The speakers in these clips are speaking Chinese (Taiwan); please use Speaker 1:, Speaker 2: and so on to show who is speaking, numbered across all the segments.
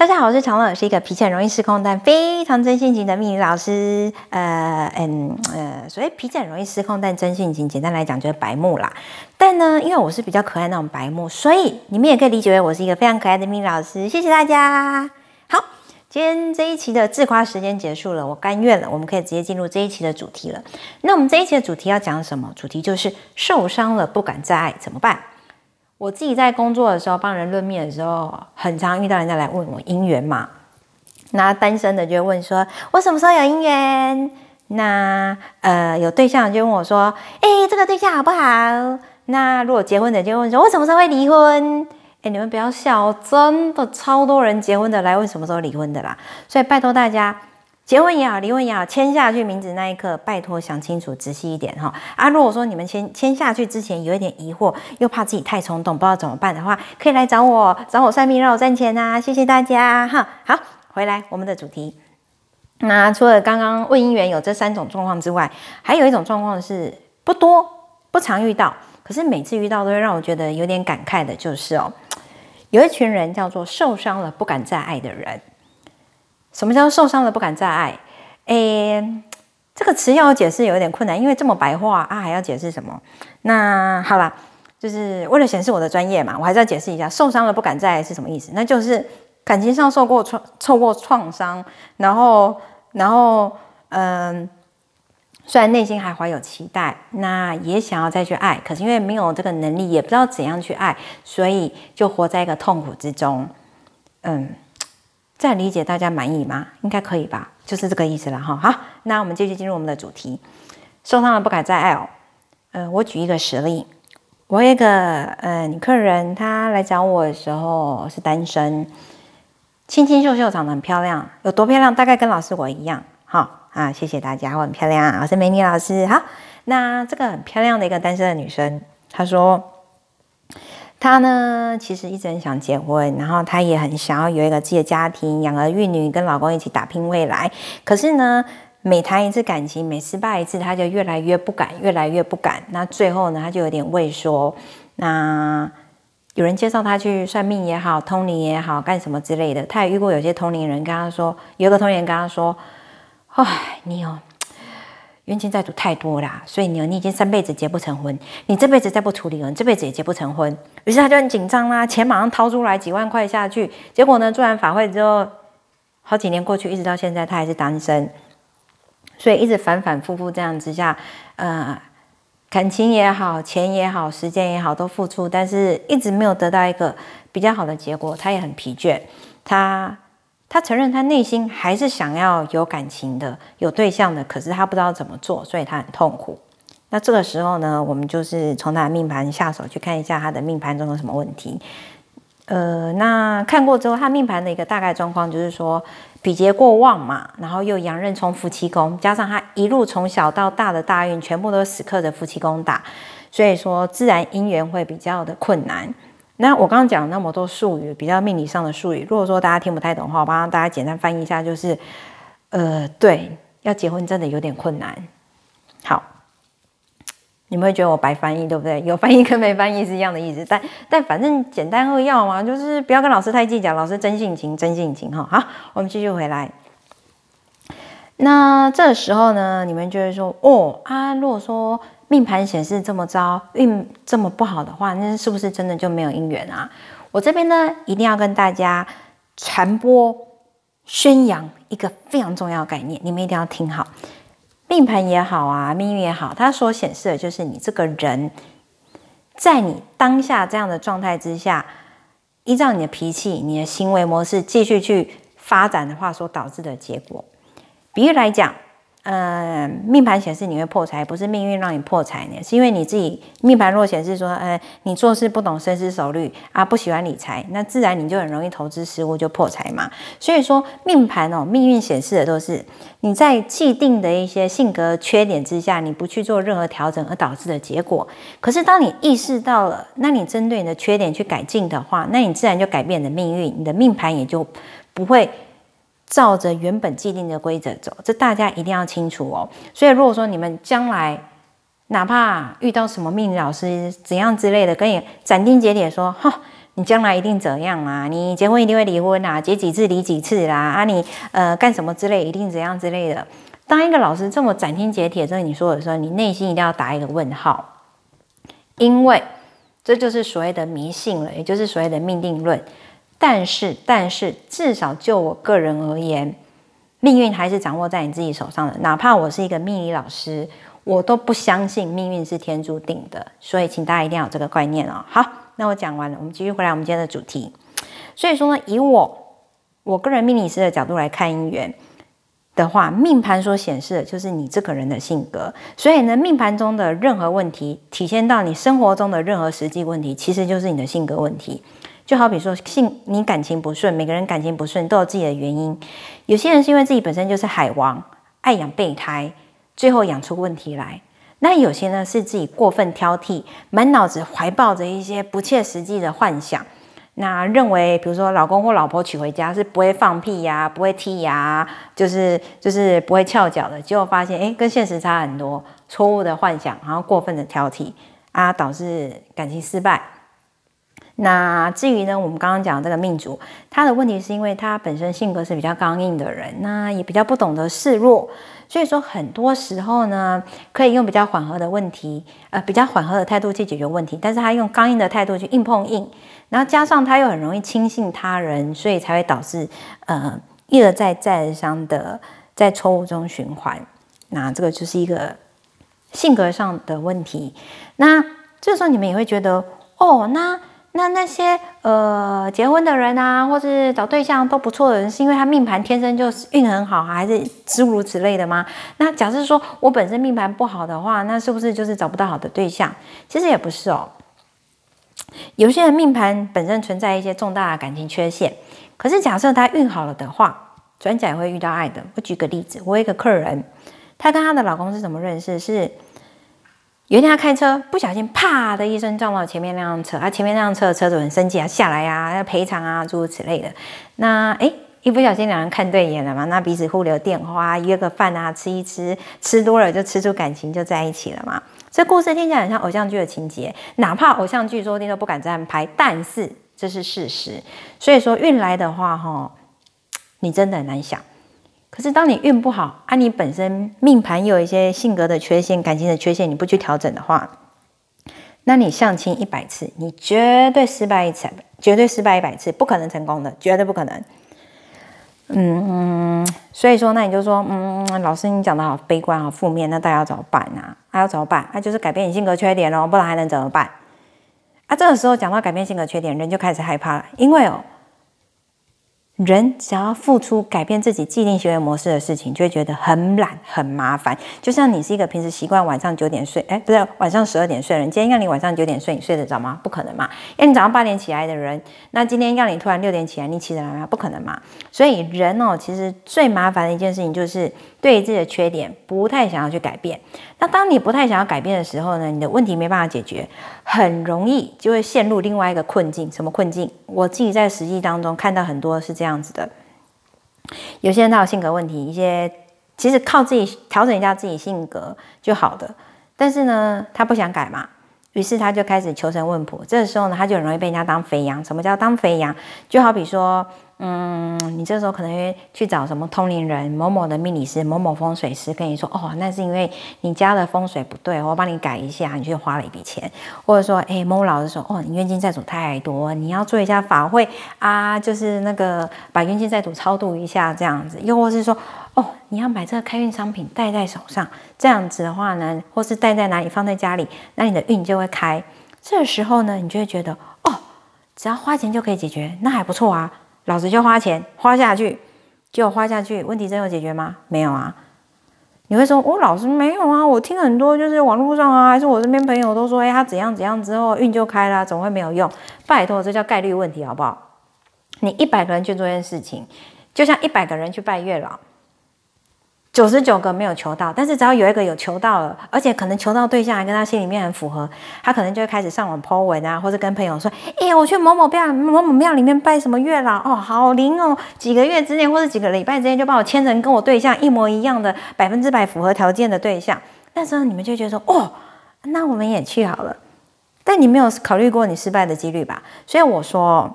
Speaker 1: 大家好，我是常樂，我是一個脾氣很容易失控但非常真性情的命理老師。呃，嗯，呃，所以脾氣很容易失控但真性情，簡單來講就是白目啦。但呢，因為我是比較可愛那種白目，所以你們也可以理解為我是一個非常可愛的命理老師。謝謝大家。好，今天這一期的自誇時間結束了，我甘願了，我們可以直接進入這一期的主題了。那我們這一期的主題要講什麼？主題就是受傷了，不敢再愛，怎麼辦。我自己在工作的時候，幫人論命的時候，很常遇到人家來問我姻緣嘛。那單身的就會問說，我什麼時候有姻緣？那呃有對象的就問我說，哎、欸，這個對象好不好？那如果結婚的就問說，我什麼時候會離婚？哎、欸，你們不要笑，真的超多人結婚的來問什麼時候離婚的啦。所以拜托大家。結婚也好，離婚也好，簽下去名字那一刻，拜託想清楚，仔細一點哈。啊，如果說你們簽簽下去之前有一點疑惑，又怕自己太衝動，不知道怎麼辦的話，可以來找我，找我算命，讓我賺錢啊！謝謝大家哈。好，回來我們的主題。那、啊、除了剛剛問姻緣有這三種狀況之外，還有一種狀況是不多不常遇到，可是每次遇到都會讓我覺得有點感慨的，就是哦，有一群人叫做受傷了不敢再愛的人。什麼叫受傷了不敢再愛？誒，這個詞要解釋有點困難，因為這麼白話啊，還要解釋什麼？那好了，就是為了顯示我的專業嘛，我還是要解釋一下受傷了不敢再愛是什麼意思。那就是感情上受過創、受過創傷，然後，然後，嗯，雖然內心還懷有期待，那也想要再去愛，可是因為沒有這個能力，也不知道怎樣去愛，所以就活在一個痛苦之中，嗯。這樣理解大家滿意嗎？應該可以吧，就是這個意思了哈。好，那我們繼續進入我們的主題。受傷了不敢再愛哦。呃，我舉一個實例，我有一個嗯、呃、女客人，她來找我的時候是單身，清清秀秀，長得很漂亮，有多漂亮？大概跟老師我一樣哈啊。謝謝大家，我很漂亮，我是美女老師。好，那這個很漂亮的一個單身的女生，她說。她呢，其實一直很想結婚，然後她也很想要有一個自己的家庭，養兒育女，跟老公一起打拼未來。可是呢，每談一次感情，每失敗一次，她就越來越不敢，越來越不敢。那最後呢，她就有點畏縮。那有人介紹她去算命也好，通靈也好，幹什麼之類的。她也遇過有些通靈人，跟她說，有一個通靈人跟她說，哎、哦，你有。冤親債主太多啦，所以你，你已經三輩子結不成婚，你這輩子再不處理了，你這輩子也結不成婚。於是他就很緊張啦，錢馬上掏出來幾萬塊下去。結果呢，做完法會之後，好幾年過去，一直到現在他還是單身，所以一直反反复覆這樣之下，呃，感情也好，錢也好，時間也好，都付出，但是一直沒有得到一個比較好的結果，他也很疲倦，他。他承認他內心還是想要有感情的，有對象的，可是他不知道怎麼做，所以他很痛苦。那這個時候呢，我們就是從他的命盤下手，去看一下他的命盤中有什麼問題。呃，那看過之後，他命盤的一個大概狀況就是說比劫過旺嘛，然後又羊刃沖夫妻宮，加上他一路從小到大的大運全部都死磕着夫妻宮打，所以說自然姻緣會比較的困難。那我剛剛講那麼多術語，比較命理上的術語，如果說大家聽不太懂的話，我幫大家簡單翻譯一下，就是，呃，對，要結婚真的有點困難。好，你們會覺得我白翻譯對不對？有翻譯跟沒翻譯是一樣的意思，但但反正簡單扼要嘛，就是不要跟老師太計較，老師真性情，真性情哈。好，我們繼續回來。那這時候呢，你們就會說，哦，啊，如果說。命盤顯示這麼糟，運這麼不好的話，那是不是真的就沒有姻緣啊？我這邊呢，一定要跟大家傳播宣揚一個非常重要的概念，你們一定要聽好。命盤也好啊，命運也好，它所顯示的就是你這個人，在你當下這樣的狀態之下，依照你的脾氣、你的行為模式繼續去發展的話，所導致的結果。比喻來講。呃，命盤顯示你會破財，不是命運讓你破財的，是因為你自己命盤若顯示說，呃，你做事不懂深思熟慮啊，不喜歡理財，那自然你就很容易投資失誤就破財嘛。所以說，命盤哦，命運顯示的都是你在既定的一些性格缺點之下，你不去做任何調整而導致的結果。可是當你意識到了，那你針對你的缺點去改進的話，那你自然就改變你的命運，你的命盤也就不會。照着原本既定的規則走，這大家一定要清楚哦。所以，如果說你們將來哪怕遇到什麼命理老師怎樣之類的，跟你斬釘截鐵說：“哈，你將來一定怎樣啊，你結婚一定會離婚啊，結幾次離幾次啦，啊，你呃幹什麼之類，一定怎樣之類的。”當一個老師這麼斬釘截鐵的跟你說的時候，你內心一定要打一個問號，因為這就是所謂的迷信了，也就是所謂的命定論。但是，但是，至少就我個人而言，命運還是掌握在你自己手上的。哪怕我是一個命理老師，我都不相信命運是天注定的。所以，請大家一定要有這個觀念啊、哦。好，那我講完了，我們繼續回來我們今天的主題。所以說呢，以我我個人命理師的角度來看姻緣的話，命盤所顯示的就是你這個人的性格。所以呢，命盤中的任何問題，體現到你生活中的任何實際問題，其實就是你的性格問題。就好比說，性你感情不順，每個人感情不順都有自己的原因。有些人是因為自己本身就是海王，愛養備胎，最後養出問題來。那有些呢是自己過分挑剔，滿腦子懷抱着一些不切實際的幻想。那認為，比如說老公或老婆娶回家是不會放屁呀、啊，不會剔牙、啊，就是就是不會翹腳的。結果發現，哎，跟現實差很多，錯誤的幻想，然後過分的挑剔啊，導致感情失敗。那至於呢，我們剛剛講這個命主，他的問題是因為他本身性格是比較剛硬的人，那也比較不懂得示弱，所以說很多時候呢，可以用比較緩和的問題，呃，比較緩和的態度去解決問題。但是他用剛硬的態度去硬碰硬，然後加上他又很容易輕信他人，所以才會導致呃一而再再而三的在錯誤中循環。那這個就是一個性格上的問題。那這時候你們也會覺得，哦，那。那那些呃結婚的人啊，或是找對象都不錯的人，是因為他命盤天生就是運很好啊，還是諸如，如此類的嗎？那假設說我本身命盤不好的話，那是不是就是找不到好的對象？其實也不是哦。有些人命盤本身存在一些重大的感情缺陷，可是假設他運好了的話，轉角也會遇到愛的。我舉個例子，我有一個客人，他跟他的老公是怎麼認識？是。有一天他開車不小心，啪的一聲撞到前面那輛車，啊，前面那輛車的車主很生氣啊，下來啊，要賠償啊，諸如此類的。那哎，一不小心兩人看對眼了嘛，那彼此互留電話，約個飯啊，吃一吃，吃多了就吃出感情，就在一起了嘛。這故事聽起來很像偶像劇的情節，哪怕偶像劇說不定都不敢這樣拍，但是這是事實。所以說運來的話，哈、哦，你真的很難想。可是，當你運不好，啊，你本身命盤有一些性格的缺陷、感情的缺陷，你不去調整的話，那你相親一百次，你絕對失敗一次，絕對失敗一百次，不可能成功的，絕對不可能。嗯，所以說，那你就說，嗯，老師，你講的好悲觀啊，好負面，那大家要怎麼辦啊？還、啊、要怎麼辦？那、啊、就是改變你性格缺點嘍，不然還能怎麼辦？啊，這個時候講到改變性格缺點，人就開始害怕了，因為哦。人只要付出改變自己既定行為模式的事情，就會覺得很懶、很麻煩。就像你是一個平時習慣晚上九點睡，哎、欸，不是晚上十二點睡的人，今天要你晚上九點睡，你睡得着嗎？不可能嘛！因為你早上八點起來的人，那今天要你突然六點起來，你起得來嗎？不可能嘛！所以人哦，其實最麻煩的一件事情就是。對自己的缺點不太想要去改變，那當你不太想要改變的時候呢？你的問題沒辦法解決，很容易就會陷入另外一個困境。什麼困境？我自己在實際當中看到很多是這樣子的。有些人他有性格問題，一些其實靠自己調整一下自己性格就好的，但是呢，他不想改嘛，於是他就開始求神問卜。這個時候呢，他就很容易被人家當肥羊。什麼叫當肥羊？就好比說。嗯，你這時候可能要去找什麼通靈人、某某的命理師、某某風水師，跟你說，哦，那是因為你家的風水不對，我幫你改一下，你就花了一筆錢。或者說，哎，某某老師說，哦，你冤親債主太多，你要做一下法會啊，就是那個把冤親債主超度一下這樣子。又或是說，哦，你要把這個開運商品戴在手上，這樣子的話呢，或是戴在哪裡，放在家裡，那你的運就會開。這時候呢，你就會覺得，哦，只要花錢就可以解決，那還不錯啊。老師就花錢花下去，就花下去，問題真有解決嗎？沒有啊！你會說，我、哦、老師沒有啊！我聽很多就是網絡上啊，還是我身邊朋友都說，哎、欸，他怎樣怎樣之後運就開了，總會沒有用。拜托，這叫概率問題好不好？你一百個人去做一件事情，就像一百個人去拜月老。九十九個沒有求到，但是只要有一個有求到了，而且可能求到對象還跟他心裡面很符合，他可能就會開始上網 Po 文啊，或者跟朋友說：“哎、欸，我去某某廟、某某某廟裡面拜什麼月老哦，好靈哦，幾個月之內或者幾個禮拜之內就把我牽成跟我對象一模一樣的、百分之百符合條件的對象。”那時候你們就覺得說：“哦，那我們也去好了。”但你沒有考慮過你失敗的幾率吧？所以我說，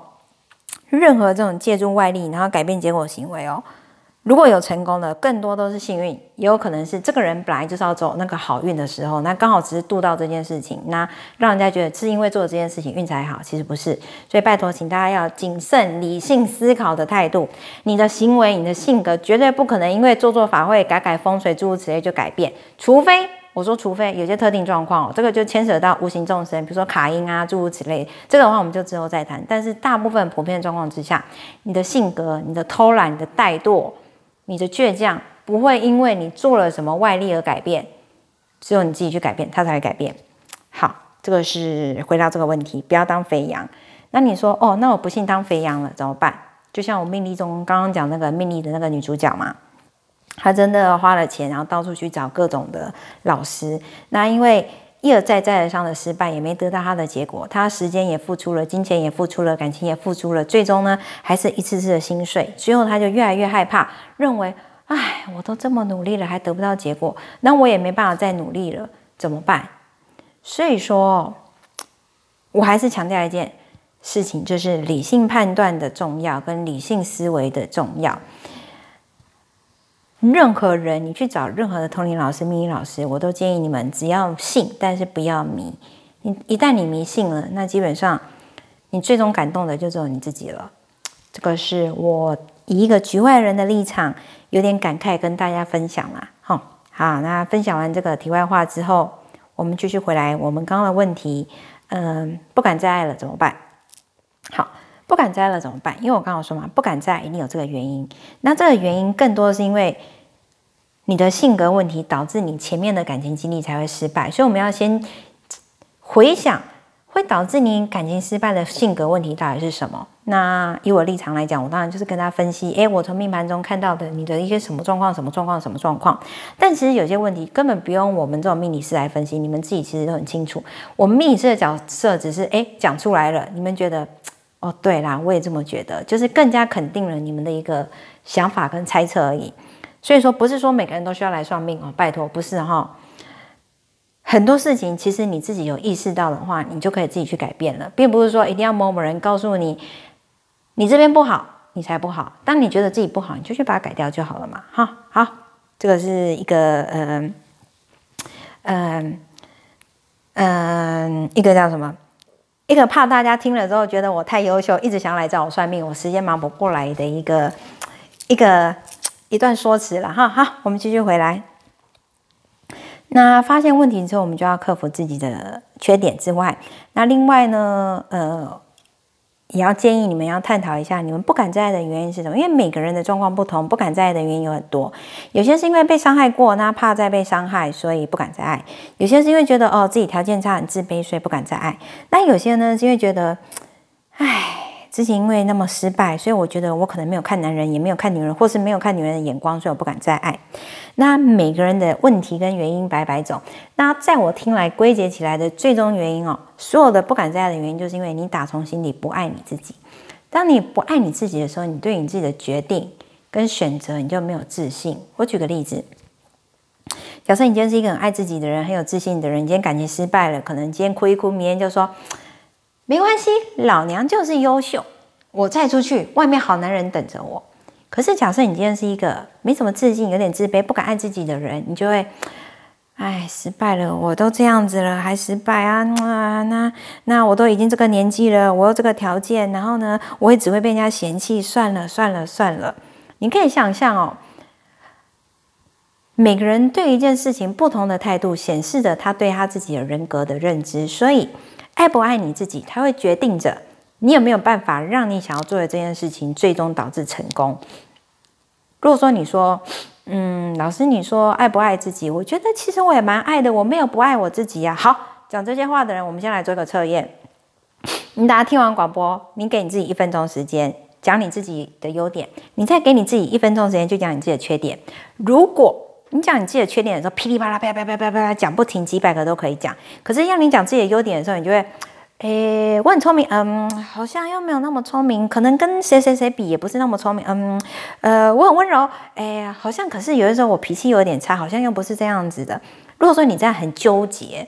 Speaker 1: 任何這種借助外力然後改變結果的行為哦。如果有成功的，更多都是幸運，也有可能是這個人本來就是要走那個好運的時候，那剛好只是度到這件事情，那讓人家覺得是因為做了這件事情運才好，其實不是。所以拜託，請大家要謹慎、理性思考的態度。你的行為、你的性格，絕對不可能因為做做法會改改風水諸如此類就改變，除非我說除非有些特定狀況，這個就牽扯到無形眾生，比如說卡陰啊諸如此類，這個的話我們就之後再談。但是大部分普遍狀況之下，你的性格、你的偷懶、你的怠惰，你的倔強不會因為你做了什麼外力而改變，只有你自己去改變，他才會改變。好，這個是回到這個問題，不要當肥羊。那你說，哦，那我不幸當肥羊了，怎麼辦？就像我命理中剛剛講那個命理的那個女主角嘛，她真的花了錢，然後到處去找各種的老師。那因為一而再，再而三的失敗，也沒得到他的結果。他時間也付出了，金錢也付出了，感情也付出了，最終呢，還是一次次的心碎。最後，他就越來越害怕，認為，哎，我都這麼努力了，還得不到結果，那我也沒辦法再努力了，怎麼辦？所以說，我還是強調一件事情，就是理性判斷的重要跟理性思維的重要。任何人，你去找任何的 t o 老師、秘密老師，我都建議你們只要信，但是不要迷，你一旦你迷信了，那基本上你最終感動的就只有你自己了。這個是我以一個局外人的立場，有點感慨跟大家分享了。好，好，那分享完這個題外話之後，我們繼續回來我們剛剛的問題。嗯、呃，不敢再愛了怎麼辦？好。不敢愛了怎麼辦？因為我剛剛說嘛，不敢愛。一定有這個原因。那這個原因更多的是因為你的性格問題，導致你前面的感情經歷才會失敗。所以我們要先回想會導致你感情失敗的性格問題到底是什麼。那以我立場來講，我當然就是跟他分析。誒、欸，我從命盤中看到的你的一些什麼狀況、什麼狀況、什麼狀況。但其實有些問題根本不用我們這種命理師來分析，你們自己其實都很清楚。我命理師的角色只是誒講、欸、出來了，你們覺得？哦，對啦，我也這麼覺得，就是更加肯定了你們的一個想法跟猜測而已。所以說，不是說每個人都需要來算命哦，拜託，不是哈。很多事情其實你自己有意識到的話，你就可以自己去改變了，並不是說一定要某某人告訴你，你這邊不好，你才不好。當你覺得自己不好，你就去把它改掉就好了嘛。哈，好，這個是一個，嗯，嗯，嗯，一個叫什麼？一個怕大家聽了之後覺得我太優秀，一直想來找我算命，我時間忙不過來的一個一個一段說辭了哈。好，我們繼續回來。那發現問題之後，我們就要克服自己的缺點之外，那另外呢，呃。也要建議你們要探討一下，你們不敢再愛的原因是什麼？因為每個人的狀況不同，不敢再愛的原因有很多。有些是因為被傷害過，哪怕再被傷害，所以不敢再愛；有些是因為覺得哦，自己條件差很自卑，所以不敢再愛；那有些呢是因為覺得，唉。事情因為那麼失敗，所以我覺得我可能沒有看男人，也沒有看女人，或是沒有看女人的眼光，所以我不敢再愛。那每個人的問題跟原因百百種。那在我聽來歸結起來的最終原因哦，所有的不敢再愛的原因，就是因為你打從心底不愛你自己。當你不愛你自己的時候，你對你自己的決定跟選擇，你就沒有自信。我舉個例子，假設你今天是一個很愛自己的人，很有自信的人，你今天感情失敗了，可能今天哭一哭眠，明天就說。沒關係，老娘就是優秀。我再出去，外面好男人等着我。可是，假設你今天是一個沒什麼自信、有點自卑、不敢愛自己的人，你就會，哎，失敗了。我都這樣子了，還失敗啊？那那那，我都已經這個年紀了，我有這個條件，然後呢，我也只會被人家嫌棄。算了算了算了。你可以想象哦，每個人對一件事情不同的態度，顯示着他對他自己的人格的認知。所以，愛不愛你自己，它會決定着你有沒有辦法讓你想要做的這件事情最終導致成功。如果說你說，嗯，老師你說愛不愛自己？我覺得其實我也蠻愛的，我沒有不愛我自己呀、啊。好，講這些話的人，我們先來做一個測驗。你等一下聽完廣播，你給你自己一分鐘時間講你自己的優點，你再給你自己一分鐘時間就講你自己的缺點。如果你講你自己的缺點的時候，噼里啪啦啪啪啪啪啪啪講不停，幾百個都可以講。可是要你講自己的優點的時候，你就會，誒，我很聰明，嗯，好像又沒有那麼聰明，可能跟誰誰誰比也不是那麼聰明，嗯，呃，我很溫柔，誒，好像可是有的時候我脾氣有點差，好像又不是這樣子的。如果說你在很糾結，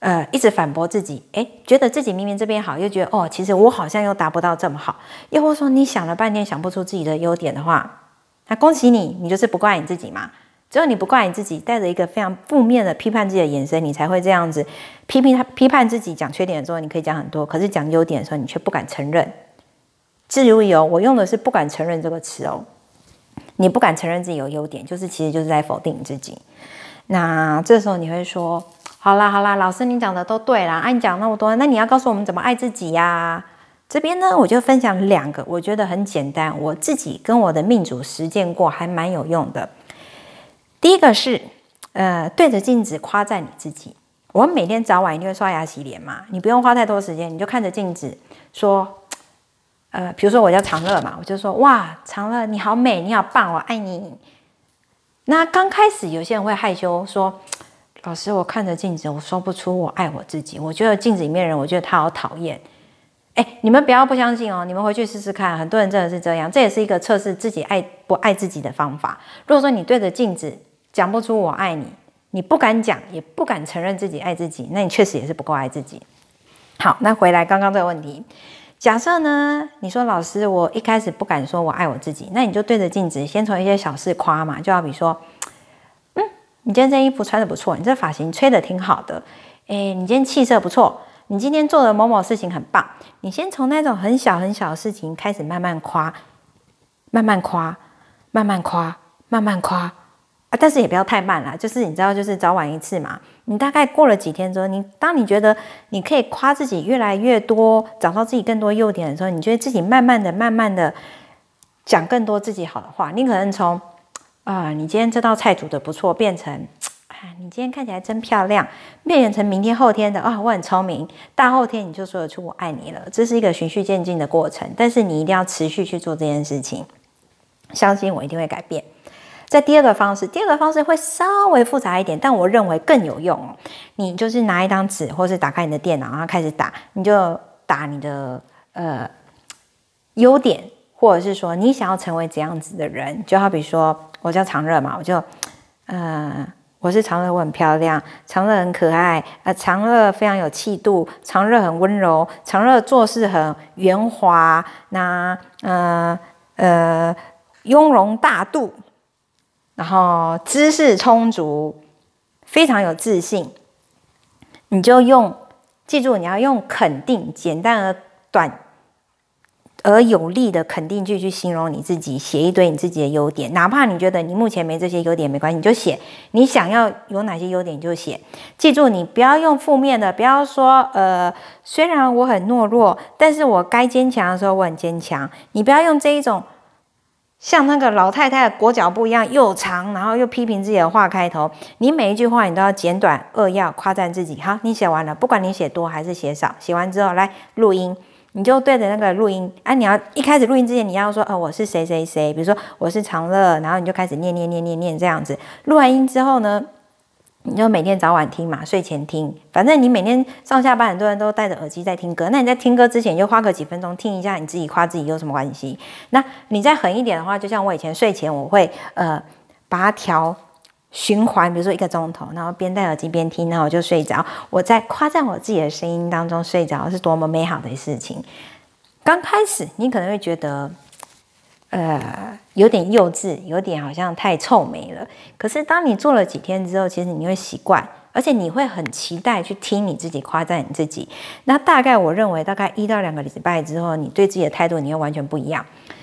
Speaker 1: 呃，一直反駁自己，誒，覺得自己明明這邊好，又覺得哦，其實我好像又達不到這麼好，又或說你想了半天想不出自己的優點的話，那恭喜你，你就是不愛你自己嘛。只有你不怪你自己，帶着一個非常負面的批判自己的眼神，你才會這樣子批評他、批判自己，講缺點的時候你可以講很多，可是講優點的時候你卻不敢承認。注意哦，我用的是“不敢承認”這個詞哦。你不敢承認自己有優點，就是其實就是在否定你自己。那這時候你會說：“好啦好啦，老師你講的都對啦，愛你講那麼多，那你要告訴我們怎麼愛自己呀？”這邊呢，我就分享兩個，我覺得很簡單，我自己跟我的命主實踐過，還蠻有用的。第一個是，呃，對着鏡子誇讚你自己。我們每天早晚一定會刷牙洗臉嘛，你不用花太多時間，你就看着鏡子說，呃，比如說我叫長樂嘛，我就說哇，長樂你好美，你好棒，我愛你。那剛開始有些人會害羞說，老師，我看着鏡子，我說不出我愛我自己，我覺得鏡子裡面的人，我覺得他好討厭。誒，你們不要不相信哦，你們回去試試看，很多人真的是這樣，這也是一個測試自己愛不愛自己的方法。如果說你對着鏡子，講不出我愛你，你不敢講，也不敢承認自己愛自己，那你確實也是不夠愛自己。好，那回來剛剛這個問題，假設呢？你說老師，我一開始不敢說我愛我自己，那你就對着鏡子，先從一些小事誇嘛，就好比說，嗯，你今天這衣服穿得不錯，你這髮型吹得挺好的，欸，你今天氣色不錯，你今天做的某某事情很棒，你先從那種很小很小的事情開始慢慢誇，慢慢誇，慢慢誇，慢慢誇。慢慢但是也不要太慢啦，就是你知道，就是早晚一次嘛。你大概過了幾天之後，你當你覺得你可以誇自己越來越多，找到自己更多優點的時候，你覺得自己慢慢的、慢慢的講更多自己好的話。你可能從啊、呃，你今天這道菜煮得不錯，變成啊，你今天看起來真漂亮，變成明天、後天的啊、哦，我很聰明，大後天你就說得出我愛你了。這是一個循序漸進的過程，但是你一定要持續去做這件事情。相信我，一定會改變。在第二個方式，第二個方式會稍微複雜一點，但我認為更有用哦。你就是拿一張紙，或是打開你的電腦，然後開始打，你就打你的呃優點，或者是說你想要成為怎樣子的人。就好比說我叫常樂嘛，我就呃，我是常樂，我很漂亮，常樂很可愛，呃，常樂非常有氣度，常樂很溫柔，常樂做事很圓滑，那呃呃，雍容大度，然後知識充足，非常有自信，你就用，記住，你要用肯定、簡單而短而有力的肯定句去形容你自己，寫一堆你自己的優點。哪怕你覺得你目前沒這些優點，沒關係，你就寫你想要有哪些優點就寫。記住，你不要用負面的，不要說，呃，雖然我很懦弱，但是我該堅強的時候我很堅強。你不要用這一種。像那個老太太的裹腳布一樣又長，然後又批評自己的話開頭。你每一句話，你都要簡短扼要，誇讚自己。好，你寫完了，不管你寫多還是寫少，寫完之後來錄音，你就對着那個錄音。哎、啊，你要一開始錄音之前，你要說，哦、呃，我是誰誰誰，比如說我是長樂，然後你就開始念念念念念這樣子。錄完音之後呢？你就每天早晚聽嘛，睡前聽。反正你每天上下班，很多人都戴着耳機在聽歌。那你在聽歌之前，就花個幾分鐘聽一下你自己誇自己有什麼關係？那你再狠一點的話，就像我以前睡前，我會呃把它調循環，比如說一個鐘頭，然後邊戴耳機邊聽，然後我就睡着。我在誇讚我自己的聲音當中睡着，是多麼美好的事情。剛開始你可能會覺得。呃，有點幼稚，有點好像太臭美了。可是當你做了幾天之後，其實你會習慣，而且你會很期待去聽你自己誇讚你自己。那大概我認為，大概一到兩個禮拜之後，你對自己的態度，你會完全不一樣。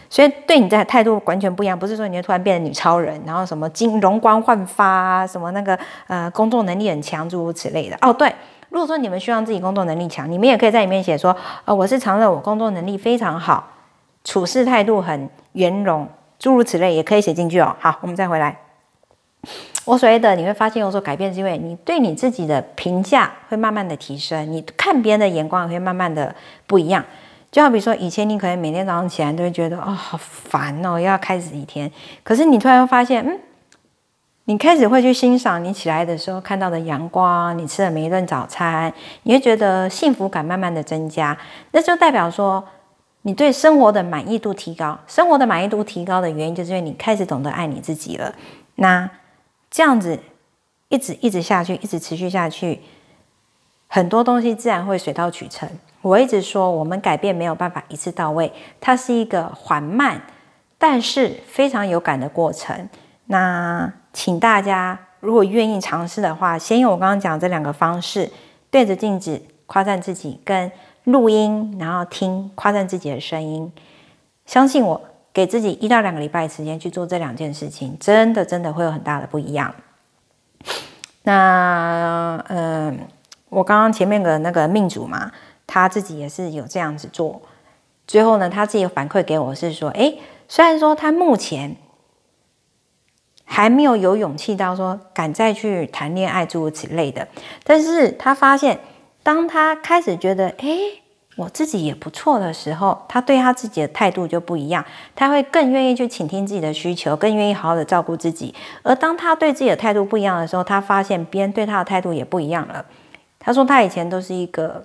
Speaker 1: 所以對你的態度完全不一樣，不是說你就突然變成女超人，然後什麼金容光煥發，什麼那個呃工作能力很強，諸如此類的。哦，對，如果說你們希望自己工作能力強，你們也可以在裡面寫說，呃，我是常樂，我工作能力非常好。處事態度很圓融，諸如此類也可以寫進去哦。好，我們再回來。我所謂的，你會發現有所改變，是因為你對你自己的評價會慢慢的提升，你看別人的眼光也會慢慢的不一樣。就好比說，以前你可能每天早上起來都會覺得哦，好煩哦，又要開始一天。可是你突然會發現，嗯，你開始會去欣賞你起來的時候看到的陽光，你吃的每一頓早餐，你會覺得幸福感慢慢的增加。那就代表說。你對生活的滿意度提高，生活的滿意度提高的原因，就是因為你開始懂得愛你自己了。那這樣子一直一直下去，一直持續下去，很多東西自然會水到渠成。我一直說，我們改變沒有辦法一次到位，它是一個緩慢但是非常有感的過程。那請大家如果願意嘗試的話，先用我剛剛講的這兩個方式，對着鏡子誇讚自己，跟錄音，然後聽，誇讚自己的聲音。相信我，給自己一到兩個禮拜時間去做這兩件事情，真的，真的會有很大的不一樣。那，嗯、呃，我剛剛前面的那個命主嘛，他自己也是有這樣子做。最後呢，他自己反饋給我是說，哎，雖然說他目前還沒有有勇氣到說敢再去談戀愛，諸如此類的，但是他發現。當他開始覺得，哎，我自己也不錯的時候，他對他自己的態度就不一樣，他會更願意去傾聽自己的需求，更願意好好的照顧自己。而當他對自己的態度不一樣的時候，他發現別人對他的態度也不一樣了。他說他以前都是一個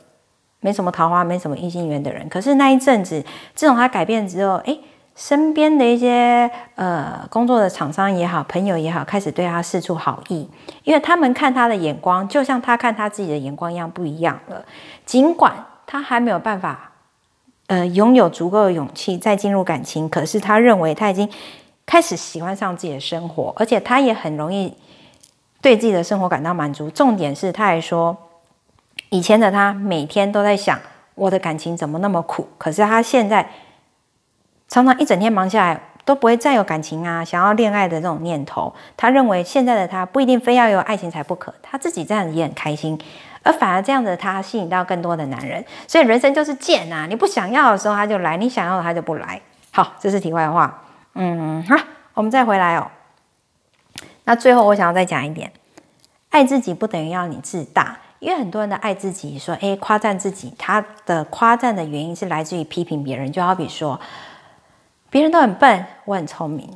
Speaker 1: 沒什麼桃花、沒什麼異性緣的人，可是那一陣子，自從他改變之後，哎。身邊的一些呃工作的廠商也好，朋友也好，開始對他釋出好意，因為他們看他的眼光，就像他看他自己的眼光一樣，不一樣了。呃，儘管他還沒有辦法，呃，擁有足夠的勇氣再進入感情，可是他認為他已經開始喜歡上自己的生活，而且他也很容易對自己的生活感到滿足。重點是他還說，以前的他每天都在想，我的感情怎麼那麼苦？可是他現在。常常一整天忙下來都不會再有感情啊，想要戀愛的這種念頭。他認為現在的他不一定非要有愛情才不可，他自己這樣子也很開心，而反而這樣的他吸引到更多的男人。所以人生就是賤啊！你不想要的時候他就來，你想要的他就不來。好，這是題外話。嗯，好，我們再回來哦。那最後我想要再講一點，愛自己不等於要你自大，因為很多人的愛自己說誒，誇讚自己，他的誇讚的原因是來自於批評別人，就好比說。別人都很笨，我很聰明，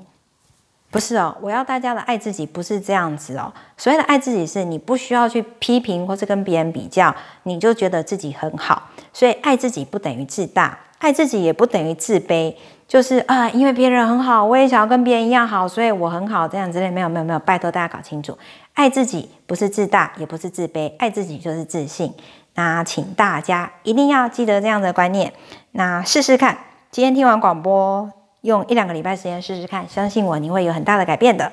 Speaker 1: 不是哦。我要大家的愛自己不是這樣子哦。所謂的愛自己，是你不需要去批評或是跟別人比較，你就覺得自己很好。所以愛自己不等於自大，愛自己也不等於自卑。就是啊、呃，因為別人很好，我也想要跟別人一樣好，所以我很好這樣之類。沒有沒有沒有，拜托大家搞清楚，愛自己不是自大，也不是自卑，愛自己就是自信。那請大家一定要記得這樣的觀念。那試試看，今天聽完廣播。用一兩個禮拜時間試試看，相信我，你會有很大的改變的。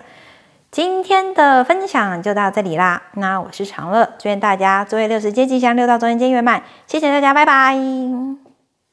Speaker 1: 今天的分享就到這裡啦，那我是長樂，祝願大家晝夜六時皆吉祥，六道眾生皆圓滿，謝謝大家，拜拜。